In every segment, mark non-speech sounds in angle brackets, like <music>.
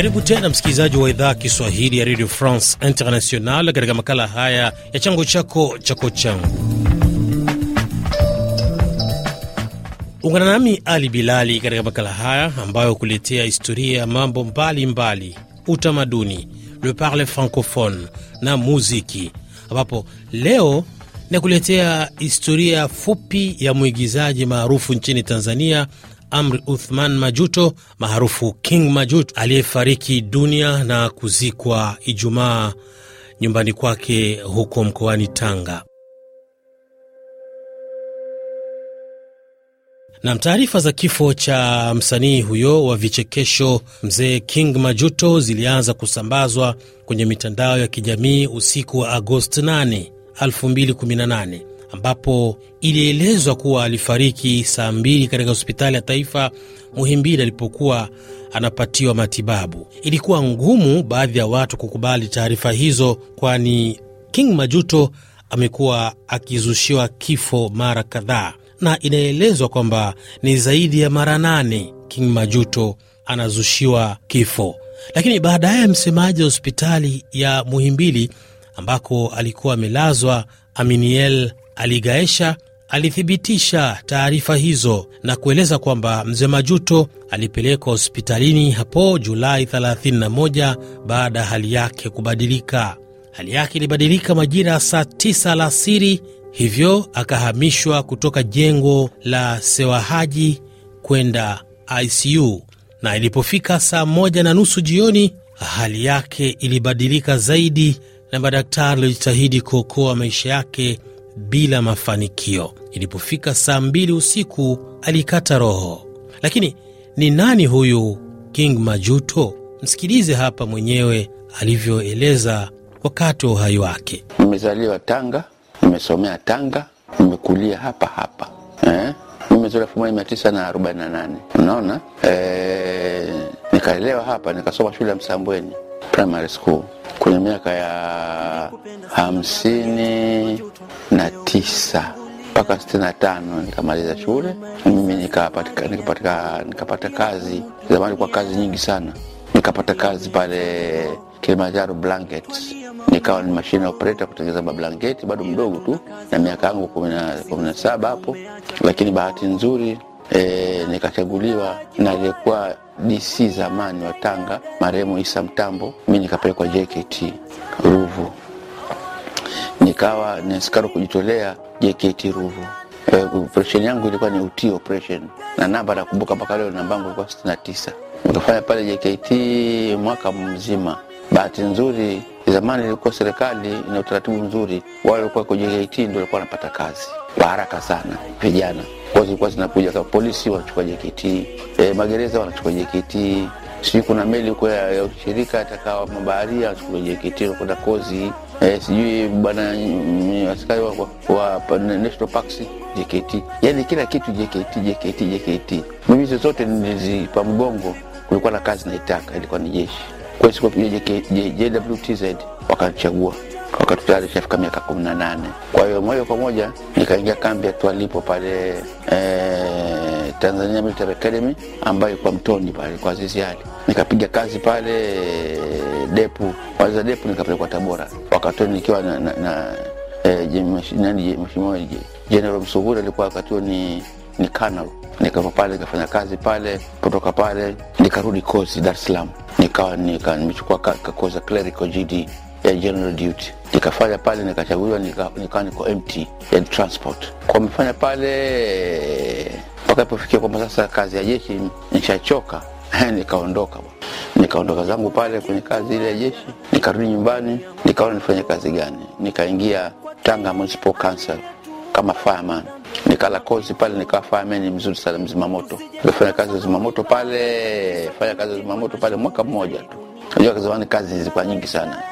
Karibu tena msikilizaji wa idhaa Kiswahili ya Radio France International katika makala haya ya changu chako chako changu. Ungana nami Ali Bilali katika makala haya ambayo kuletea historia ya mambo mbalimbali, utamaduni, le parle francophone na muziki, ambapo leo nakuletea historia fupi ya mwigizaji maarufu nchini Tanzania Amri Uthman Majuto maarufu King Majuto aliyefariki dunia na kuzikwa Ijumaa nyumbani kwake huko mkoani Tanga. Nam, taarifa za kifo cha msanii huyo wa vichekesho mzee King Majuto zilianza kusambazwa kwenye mitandao ya kijamii usiku wa Agosti 8, 2018 ambapo ilielezwa kuwa alifariki saa mbili katika hospitali ya taifa Muhimbili alipokuwa anapatiwa matibabu. Ilikuwa ngumu baadhi ya watu kukubali taarifa hizo, kwani King Majuto amekuwa akizushiwa kifo mara kadhaa, na inaelezwa kwamba ni zaidi ya mara nane King Majuto anazushiwa kifo. Lakini baadaye msemaji wa hospitali ya Muhimbili ambako alikuwa amelazwa Aminiel Aligaesha alithibitisha taarifa hizo na kueleza kwamba mzee Majuto alipelekwa hospitalini hapo Julai 31 baada ya hali yake kubadilika. Hali yake ilibadilika majira ya saa 9 alasiri, hivyo akahamishwa kutoka jengo la Sewahaji kwenda ICU na ilipofika saa moja na nusu jioni hali yake ilibadilika zaidi, na madaktari walijitahidi kuokoa maisha yake bila mafanikio. Ilipofika saa mbili usiku alikata roho. Lakini ni nani huyu King Majuto? Msikilize hapa mwenyewe alivyoeleza wakati wa uhai wake. Nimezaliwa Tanga, nimesomea Tanga, nimekulia hapa hapa eh? Nimezaliwa elfu moja mia tisa na arobaini na nane unaona eh, Nikaelewa hapa, nikasoma shule ya Msambweni primary school kwenye miaka ya hamsini na tisa mpaka sitini na tano nikamaliza shule. Mimi nikapata nikapata nikapata kazi, zamani kwa kazi nyingi sana, nikapata kazi pale Kilimanjaro Blankets nikawa ni mashine operator kutengeneza mablanketi, bado mdogo tu na miaka yangu kumi na saba hapo, lakini bahati nzuri e, nikachaguliwa na aliyekuwa DC zamani wa Tanga marehemu Isa Mtambo, mi nikapelekwa JKT Ruvu, nikawa naskari kujitolea JKT Ruvu. E, operesheni yangu ilikuwa ni utii operation, na namba nakumbuka mpaka leo, namba yangu ilikuwa sitini na tisa. Nikafanya pale JKT mwaka mzima. Bahati nzuri zamani ilikuwa serikali ina utaratibu mzuri, wale walikuwa kwa JKT ndio walikuwa wanapata kazi kwa haraka sana vijana kwa zilikuwa zinakuja kama polisi wanachukua JKT, e, magereza wanachukua JKT, sijui kuna meli huko ya, ya ushirika atakawa mabaharia wanachukua JKT kwenda kozi e, sijui bwana mm, askari wa, wa, wa National Parks JKT, yani kila kitu JKT JKT JKT. Mimi zozote nilizipa mgongo, kulikuwa na kazi naitaka ilikuwa ni jeshi, kwa hiyo siku JWTZ wakanichagua wakati tayari shafika miaka kumi na nane. Kwa hiyo moja kwa moja nikaingia kambi ya Twalipo pale e, Tanzania Military Academy ambayo kwa Mtoni pale kwa Ziziali, nikapiga kazi pale depu waliza depu, nikapelekwa Tabora wakati nikiwa na, na, na eh, Mheshimiwa General Msuguri alikuwa wakati huo ni, ni kanali nikawa pale nikafanya kazi pale, kutoka pale nikarudi kozi Dar es Salaam, nikawa nimechukua nika, kozi ya clerical GD ya general duty nikafanya pale nikachaguliwa nikawa nika niko mt ya transport kwa amefanya pale mpaka ipofikia kwamba sasa kazi ya jeshi nishachoka <laughs> nikaondoka nikaondoka zangu pale kwenye kazi ile ya jeshi nikarudi nyumbani nikaona nifanye kazi gani nikaingia tanga municipal council kama fireman nikala kozi pale nikawa fireman mzuri sana mzimamoto nikafanya kazi ya zimamoto pale fanya kazi ya zimamoto pale mwaka mmoja tu najua zamani kazi zilikuwa nyingi sana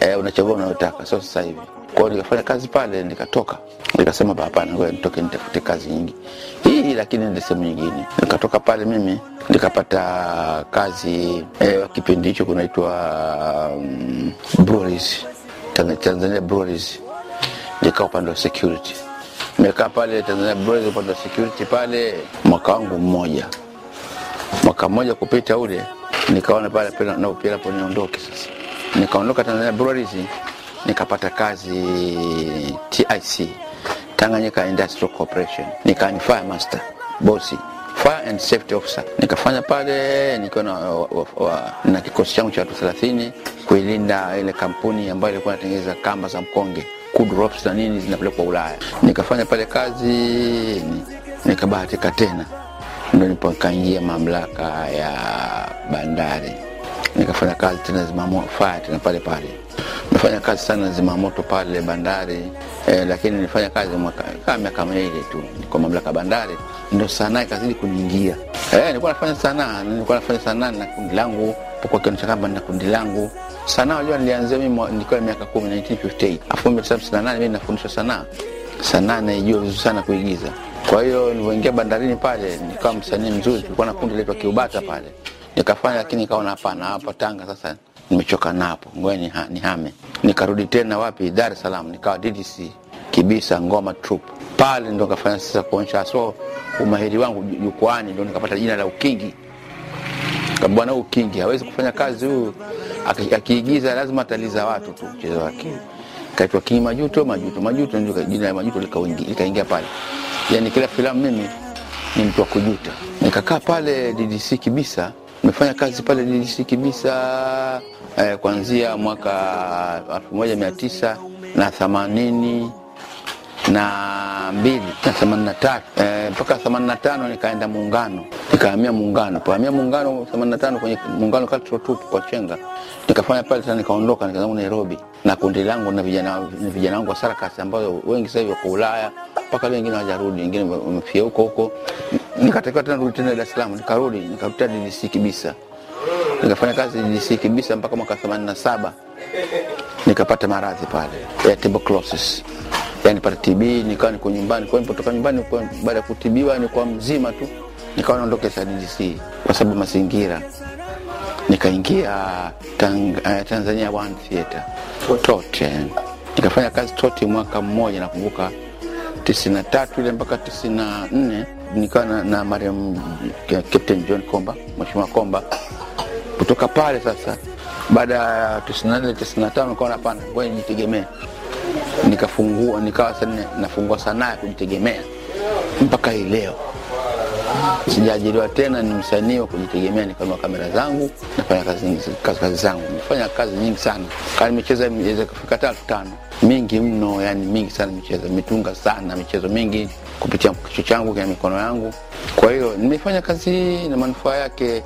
eh, unachagua unayotaka, sio sasa hivi. Kwao nikafanya kazi pale, nikatoka, nikasema hapana, ngoja nitoke nitafute kazi nyingi hii, lakini ndio sehemu nyingine. Nikatoka pale mimi nikapata kazi eh, kipindi hicho kunaitwa um, breweries Tanzania breweries, nikaa upande wa security, nimekaa pale Tanzania breweries upande wa security pale mwaka wangu mmoja, mwaka mmoja kupita ule, nikaona pale naopia hapo niondoke sasa Nikaondoka Tanzania Breweries nikapata kazi TIC, Tanganyika Industrial Corporation, nikawa ni fire master bosi fire and safety officer. Nikafanya pale nikiwa na, na kikosi changu cha watu thelathini kuilinda ile kampuni ambayo ilikuwa inatengeneza kamba za mkonge ropes na nini zinapelekwa Ulaya. Nikafanya pale kazi, nikabahatika tena, ndo nipo nikaingia mamlaka ya bandari nikafanya kazi tena zimamoto faya tena pale pale, nimefanya kazi sana zimamoto pale bandari eh, lakini nilifanya kazi kama miaka miwili tu kwa mamlaka bandari, ndio sanaa ikazidi kuniingia. Eh, nilikuwa nafanya sanaa, nilikuwa nafanya sanaa na kundi langu pokuwa kionyesha kama na kundi langu sanaa. Unajua, nilianzia mimi nikiwa miaka 10 1958 afu 1978 mimi nafundishwa sanaa sanaa naijua vizuri sana kuigiza. Kwa hiyo nilivyoingia bandarini pale nikawa msanii mzuri. Tulikuwa na kundi letu Kiubata pale Nikafanya lakini nikaona hapana, hapa Tanga sasa nimechoka napo, ngoja ni nihame. Nikarudi tena wapi? Dar es Salaam, nikawa DDC Kibisa Ngoma Troop. Pale ndo nikafanya sasa kuonyesha so umahiri wangu jukwani, ndo nikapata jina la Ukingi. Bwana Ukingi hawezi kufanya kazi huyu, akiigiza lazima ataliza watu tu mchezo wake. Kaitwa King Majuto, Majuto, Majuto, ndio jina la Majuto likaingia lika pale. Yani kila filamu mimi ni mtu wa kujuta. Nikakaa pale DDC Kibisa Nimefanya kazi pale DC Kibisa eh, kuanzia mwaka tisa na thamanini na mbili na themanini na tatu eh, mpaka themanini na tano nikaenda Muungano, nikahamia Muungano, pahamia Muungano themanini na tano kwenye Muungano Cultural Troupe kwa Chenga, nikafanya pale tena, nikaondoka nikazama Nairobi na kundi langu na vijana vijana wangu wa sarakasi, ambayo wengi sasa hivi wako Ulaya, mpaka wengine hawajarudi, wengine wamefia huko huko, nikatakiwa tena kurudi tena Dar es Salaam, nikarudi nikarutia DDC Kibisa, nikafanya kazi DC Kibisa mpaka mwaka 87 nikapata maradhi pale ya tuberculosis, yani pata TB, nikawa niko nyumbani. Kwa nilipotoka nyumbani, baada ya kutibiwa kwa mzima tu, nikawa naondoka sa DDC kwa sababu mazingira, nikaingia uh, Tanzania One Theater Tote, nikafanya kazi Tote mwaka mmoja nakumbuka 93 ile mpaka 94 nikawa na, na marehemu Captain John Komba, Mheshimiwa Komba. Kutoka pale sasa, baada ya 94 95 nikawa napanda ngoja nijitegemee, nikafungua nikawa sasa nafungua sanaa ya kujitegemea mpaka hii leo. Sijaajiriwa tena, ni msanii wa kujitegemea, nikanua kamera zangu, nafanya kazi, kazi, kazi zangu. Nimefanya kazi nyingi sana, kama nimecheza inaweza kufika tatu tano, mingi mno, yani mingi sana michezo, imetunga sana michezo mingi kupitia kicho changu na mikono yangu. Kwa hiyo nimefanya kazi hii na manufaa yake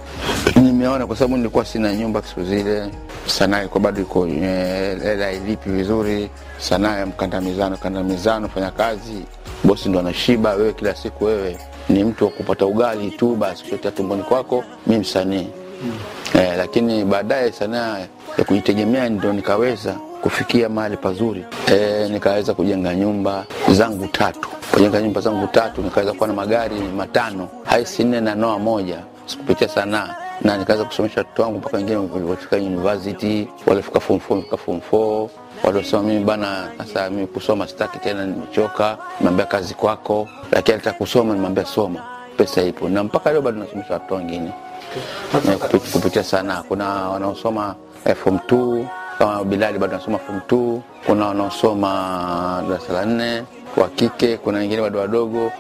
nimeona, kwa sababu nilikuwa sina nyumba siku zile. Sanaa ilikuwa bado iko hela eh, eh, ilipi vizuri, sanaa ya mkandamizano, kandamizano, fanya kazi, bosi ndo anashiba wewe, kila siku wewe ni mtu wa kupata ugali tu basi kuletea tumboni kwako, mi msanii mm. Eh, lakini baadaye sanaa ya kujitegemea ndio nikaweza kufikia mahali pazuri eh, nikaweza kujenga nyumba zangu tatu, kujenga nyumba zangu tatu, nikaweza kuwa na magari matano haisi nne na noa moja sikupitia sanaa, na nikaweza kusomesha watoto wangu mpaka wengine walifika university, walifika form fika form waliosema mimi bana, sasa mimi kusoma sitaki tena, nimechoka. Nimeambia kazi kwako, lakini alitaka kusoma. Nimeambia soma, pesa ipo, na mpaka leo bado nasomesha watoto wengine kupitia sanaa. Kuna wanaosoma form two kama Bilali bado anasoma form two, kuna wanaosoma darasa la nne wa kike, kuna wengine bado wadogo.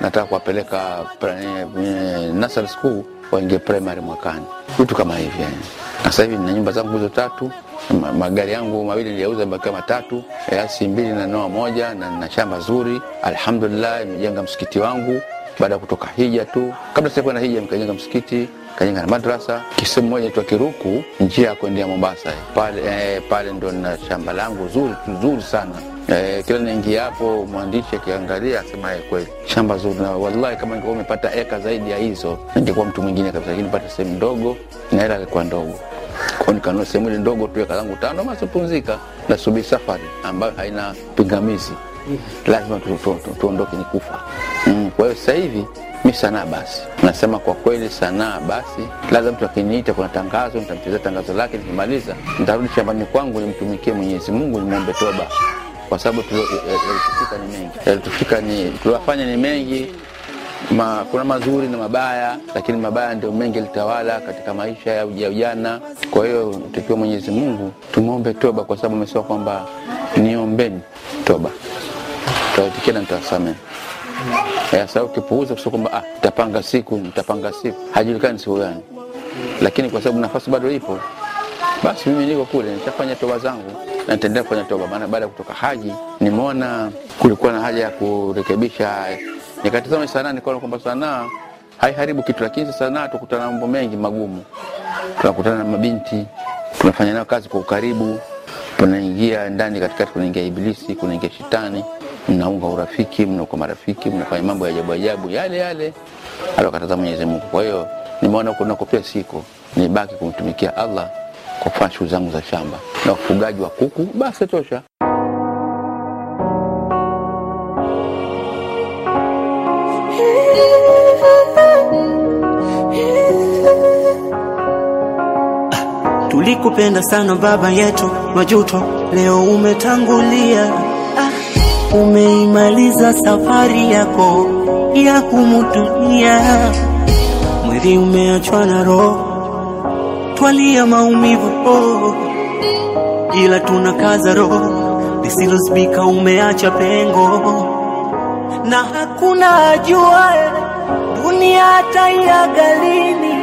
Nataka kuwapeleka eh, nursery school waingie primary mwakani, vitu kama hivi yani. Sasa hivi nina nyumba zangu hizo tatu magari yangu mawili niliyauza bakia matatu, asi mbili na noa moja, na na shamba zuri alhamdulillah. Nimejenga msikiti wangu baada ya kutoka hija tu, kabla sijakuwa na hija nikajenga msikiti kajenga na madrasa kisehemu moja tu Kiruku, njia ya kuendea Mombasa pale, eh, pale ndo na shamba langu zuri zuri sana eh, kila naingia hapo mwandishi akiangalia asema kweli shamba zuri, na wallahi kama ningekuwa umepata eka zaidi ya hizo ningekuwa mtu mwingine kabisa, lakini pata sehemu ndogo na hela ilikuwa ndogo kwao, nikanua sehemu ile ndogo tu kazangu tano, basi pumzika, nasubiri safari ambayo haina pingamizi, lazima tuondoke, ni kufa. Mm, kwa hiyo sasa hivi mi sanaa basi, nasema kwa kweli, sanaa basi. Lazima mtu akiniita, kuna tangazo, nitamchezea tangazo lake, nikimaliza nitarudi shambani kwangu, nimtumikie Mwenyezi Mungu, nimwombe toba, kwa sababu eh, eh, eh, yalitufika ni mengi, yalitufika ni tuliwafanya ni mengi ma, kuna mazuri na mabaya, lakini mabaya ndio mengi litawala katika maisha ya ujana. Kwa hiyo tukiwa Mwenyezi Mungu tumwombe toba, kwa sababu amesema kwamba niombeni toba, tutawaitikia na ya Sababu kipuuza kusema kwamba ah, nitapanga siku nitapanga siku, hajulikani siku gani, lakini kwa sababu nafasi bado ipo, basi mimi niko kule, nitafanya toba zangu na nitaendelea kufanya toba, maana baada ya kutoka haji nimeona kulikuwa na haja ya kurekebisha Nikatizama sanaa nikaona kwamba sanaa haiharibu kitu, lakini sanaa tukutana na mambo mengi magumu. Tunakutana na mabinti, tunafanya nao kazi kwa ukaribu, tunaingia ndani katikati, kunaingia Ibilisi, kunaingia Shetani, mnaunga urafiki, mnakuwa marafiki, mnafanya mambo ya ajabu ajabu yale yale aliyokataza Mwenyezi Mungu. Kwa hiyo nimeona huko nako pia siko nibaki kumtumikia Allah kwa kufanya shughuli zangu za shamba na ufugaji wa kuku, basi tosha. Tulikupenda sana baba yetu, majuto leo umetangulia. Ah, umeimaliza safari yako ya kumutumia Mwili umeachwa na roho, twalia maumivu oh, ila tunakaza roho. Lisilozibika umeacha pengo, na hakuna ajuae dunia hata iagalini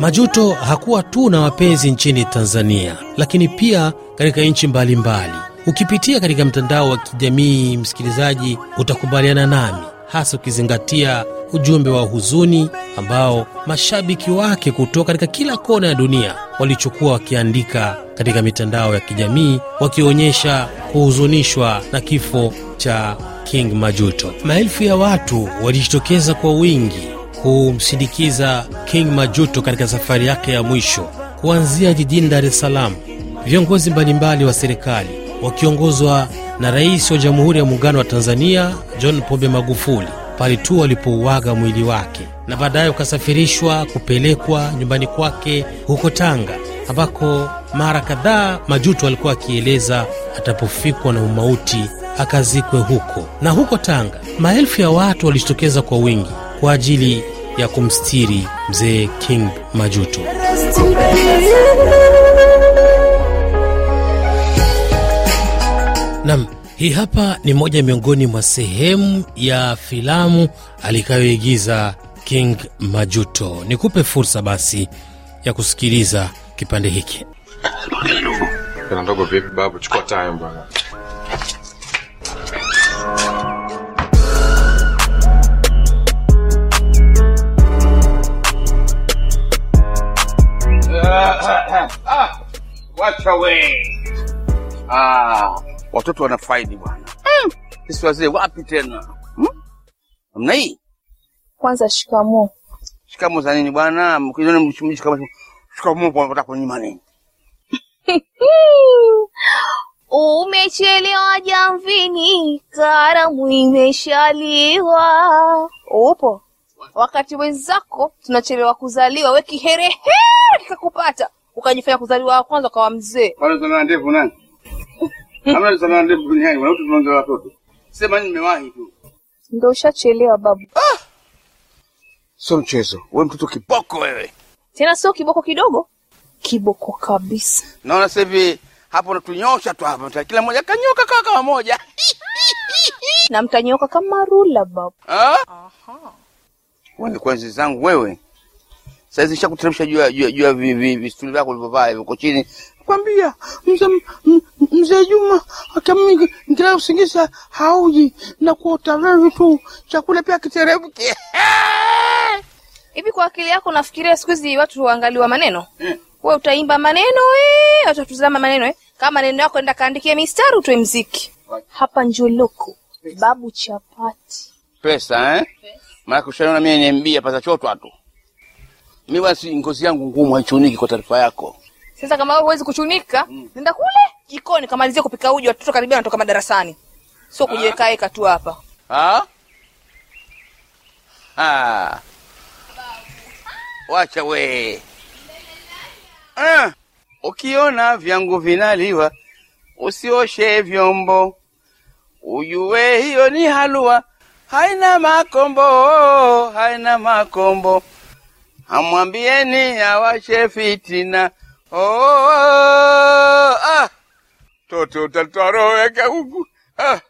Majuto hakuwa tu na wapenzi nchini Tanzania, lakini pia katika nchi mbalimbali. Ukipitia katika mtandao wa kijamii, msikilizaji, utakubaliana nami, hasa ukizingatia ujumbe wa huzuni ambao mashabiki wake kutoka katika kila kona ya dunia walichokuwa wakiandika katika mitandao ya kijamii wakionyesha kuhuzunishwa na kifo cha King Majuto. Maelfu ya watu walijitokeza kwa wingi kumsindikiza King Majuto katika safari yake ya mwisho kuanzia jijini Dar es Salaam. Viongozi mbalimbali wa serikali wakiongozwa na Rais wa Jamhuri ya Muungano wa Tanzania John Pombe Magufuli pale tu walipouaga mwili wake, na baadaye ukasafirishwa kupelekwa nyumbani kwake huko Tanga, ambako mara kadhaa Majuto alikuwa akieleza atapofikwa na umauti akazikwe huko. Na huko Tanga maelfu ya watu walijitokeza kwa wingi kwa ajili ya kumstiri mzee King Majuto. Nam, hii hapa ni moja miongoni mwa sehemu ya filamu alikayoigiza King Majuto. Nikupe fursa basi ya kusikiliza kipande hiki. Ndogo vipi babu, chukua time bwana. Watch away. Ah, ah. ah, watoto wanafaidi bwana mm. Sisi wazee wapi tena Mm? hmm? hii kwanza, shikamo shikamo za nini bwana? Shikamo kunyima nini? <laughs> Umechelewa jamvini, karamu imeshaliwa. Upo wakati wenzako tunachelewa kuzaliwa, we kiherehere kikakupata ukajifanya kuzaliwa wa kwanza ukawa mzee. Wale zana ndevu nani? Hmm. Hamna zana ndevu duniani, wala mtu tunaongea watoto. Sema nimewahi tu. Ndio ushachelewa babu. Ah! Sio mchezo. Wewe mtoto kiboko wewe. Tena sio kiboko kidogo. Kiboko kabisa. Naona sasa hivi hapo natunyosha tu hapa. Kila mmoja kanyoka kama moja. Na mtanyoka kama rula babu. Ah? Aha wewe kwenzi zangu wewe, sasa hizi nishakuteremsha juu ya juu ya vistuli vyako ulivyovaa hivyo uko chini. Kwambia mzee mzee Juma akamini ngira usingizi hauji na kuota wewe tu chakula pia kiteremke. <laughs> Hivi kwa akili yako unafikiria siku hizi watu waangaliwa maneno? Eh. Wewe utaimba maneno eh, watu watazama maneno eh. Kama maneno yako enda kaandikie mistari utoe mziki. Hapa Njoloko, babu chapati. Pesa eh? Pesa maana ushaniona mimi NMB hapa za chotwa tu. Mimi basi ngozi yangu ngumu haichuniki kwa taarifa yako. Sasa kama wewe huwezi kuchunika, mm. nenda kule jikoni kamalizie kupika uji watoto karibia wanatoka madarasani. Sio kujiweka weka tu hapa. Ah. Wacha we. Ah. Ukiona vyangu vinaliwa, usioshe vyombo. Ujue hiyo ni halua haina makombo, haina makombo. Amwambieni awashe fitina. Oh, ah, toto utatoa roho yake huku. Ah,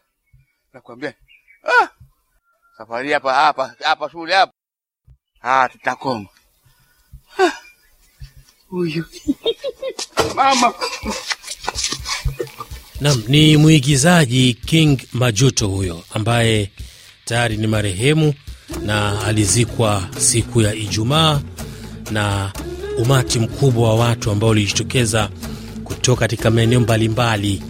nakwambia ah, safari hapa hapa hapa shule hapa ah, tutakoma ah. huyu <laughs> mama Nam ni mwigizaji King Majuto huyo ambaye tayari ni marehemu na alizikwa siku ya Ijumaa na umati mkubwa wa watu ambao ulijitokeza kutoka katika maeneo mbalimbali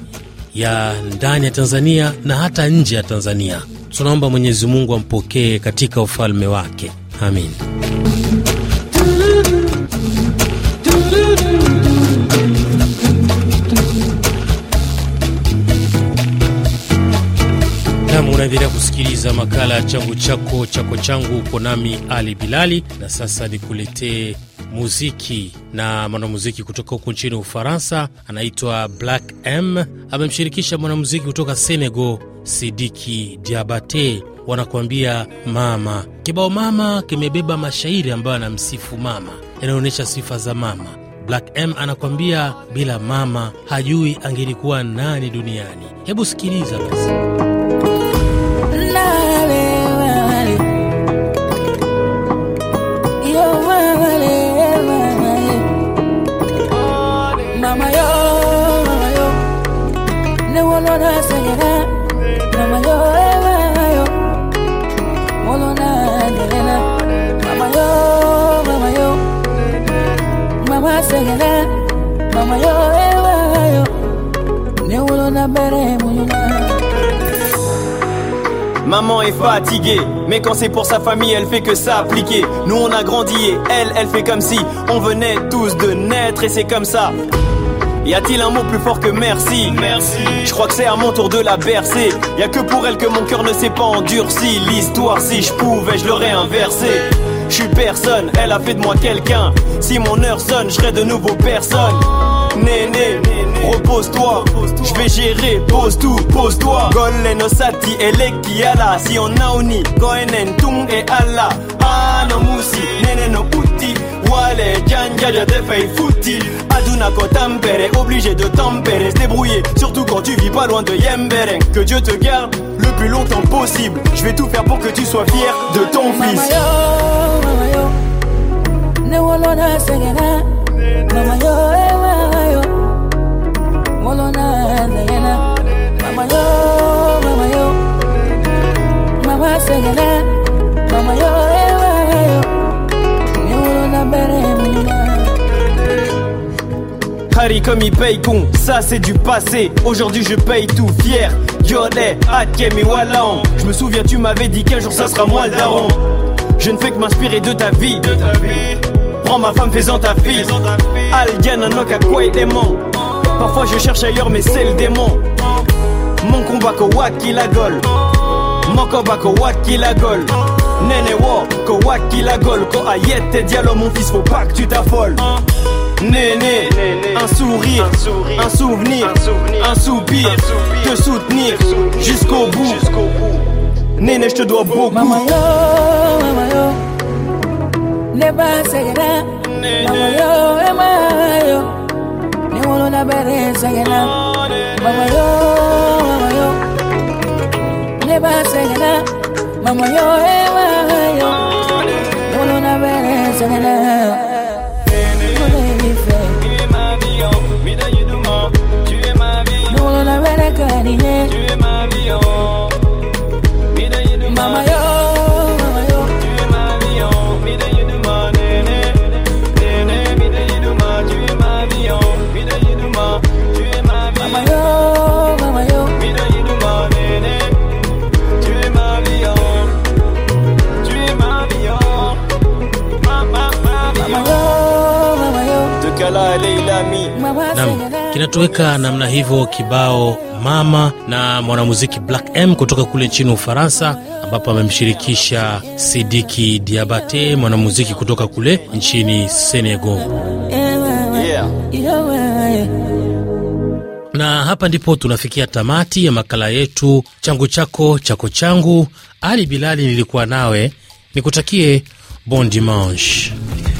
ya ndani ya Tanzania na hata nje ya Tanzania. Tunaomba Mwenyezi Mungu ampokee katika ufalme wake, amin. Nam, unaendelea kusikiliza makala ya changu chako chako changu. Uko nami Ali Bilali, na sasa nikuletee muziki na mwanamuziki kutoka huko nchini Ufaransa anaitwa Black M. Amemshirikisha mwanamuziki kutoka Senegal, Sidiki Diabate. Wanakuambia mama. Kibao mama kimebeba mashairi ambayo anamsifu mama, yanaonyesha sifa za mama. Black M anakuambia bila mama hajui angelikuwa nani duniani. Hebu sikiliza basi. Maman est fatiguée, mais quand c'est pour sa famille, elle fait que ça appliquer. Nous on a grandi et elle, elle fait comme si on venait tous de naître et c'est comme ça. Y a-t-il un mot plus fort que merci Merci. Je crois que c'est à mon tour de la bercer. Y'a que pour elle que mon cœur ne s'est pas endurci. L'histoire, si je pouvais, je l'aurais inversée. Je suis personne, elle a fait de moi quelqu'un. Si mon heure sonne, je de nouveau personne. Néné, repose-toi, je vais gérer, pose tout, pose-toi. Golen osati, elekiala, si on a uni, goenen tung et ala Ah non, moussi, néné no Wale, Ganja, j'ai des feuilles foutues. Aduna tempere, obligé de tempérer, se débrouiller. Surtout quand tu vis pas loin de Yemberen. Que Dieu te garde le plus longtemps possible. Je vais tout faire pour que tu sois fier de ton fils. yo, yo. comme il paye con, ça c'est du passé. Aujourd'hui je paye tout fier. Yodet, Kemi walan. Je me souviens, tu m'avais dit qu'un jour ça sera moi le daron. Je ne fais que m'inspirer de ta vie. Prends ma femme faisant ta fille. Algan, un à quoi est Parfois je cherche ailleurs, mais c'est le démon. Mon combat ko qui la gole. Mon combat ko qui la gole. Nene wo, ko qui la gole. Ko ayette dialogue, mon fils, faut pas que tu t'affoles. Néné, un sourire, un souvenir, un soupir, te soutenir jusqu'au bout. Néné, je te dois beaucoup. Maman yo, maman yo, ne basegera. Maman yo, ema eh, yo, ne wolo na bere oh, segera. Maman yo, maman yo, ne basegera. Maman yo, ema eh, yo, oh, ne wolo na bere segera. gani? Tu es ma Kinatuweka namna hivyo kibao Mama na mwanamuziki Black M kutoka kule nchini Ufaransa, ambapo amemshirikisha Sidiki Diabate mwanamuziki kutoka kule nchini Senegal. Yeah. Na hapa ndipo tunafikia tamati ya makala yetu changu chako chako changu. Ali Bilali nilikuwa nawe, nikutakie bon dimanche.